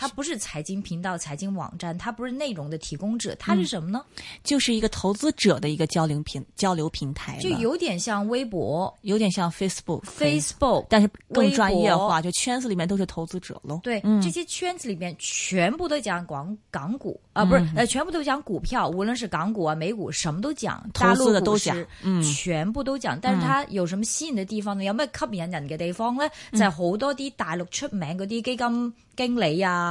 它不是財經頻道、財經網站，它不是內容的提供者，它是什麼呢、嗯？就是一個投資者的一個交流平交流平台，就有點像微博，有點像 Facebook，Facebook，Facebook, Facebook，但是更專業化，Weibo，就圈子裏面都是投資者咯。對，這些圈子裏面全部都講港港股、嗯、啊，不是呃、嗯，全部都講股票，無論是港股啊、美股，什麼都講，大陸的都講，嗯，全部都講、嗯。但是它有什麼吸引的地方呢？有沒有吸引人的地方呢？嗯、在好多啲大陸出名嗰啲基金經理啊。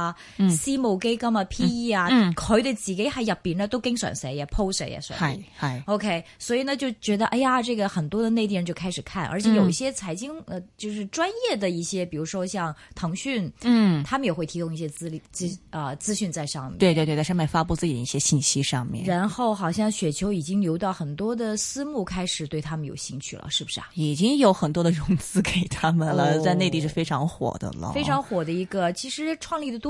嗯嗯 PE 啊，私募基金啊，P E 啊，佢哋自己喺入邊咧都經常寫嘢，post 寫嘢上，係係、嗯嗯，OK，所以呢就覺得，哎呀，這個很多的內地人就開始看，而且有一些財經，嗯嗯呃，就是專業的一些，比如說像騰訊，嗯，他們也會提供一些資歷，資啊、呃、資訊在上面，對對對、對，在上面發佈自己的一些信息上面，然後好像雪球已經流到很多的私募開始對他們有興趣了，是不是啊？已經有很多的融資給他們了，在、哦、內地是非常火的了，非常火的一個，其實創立的多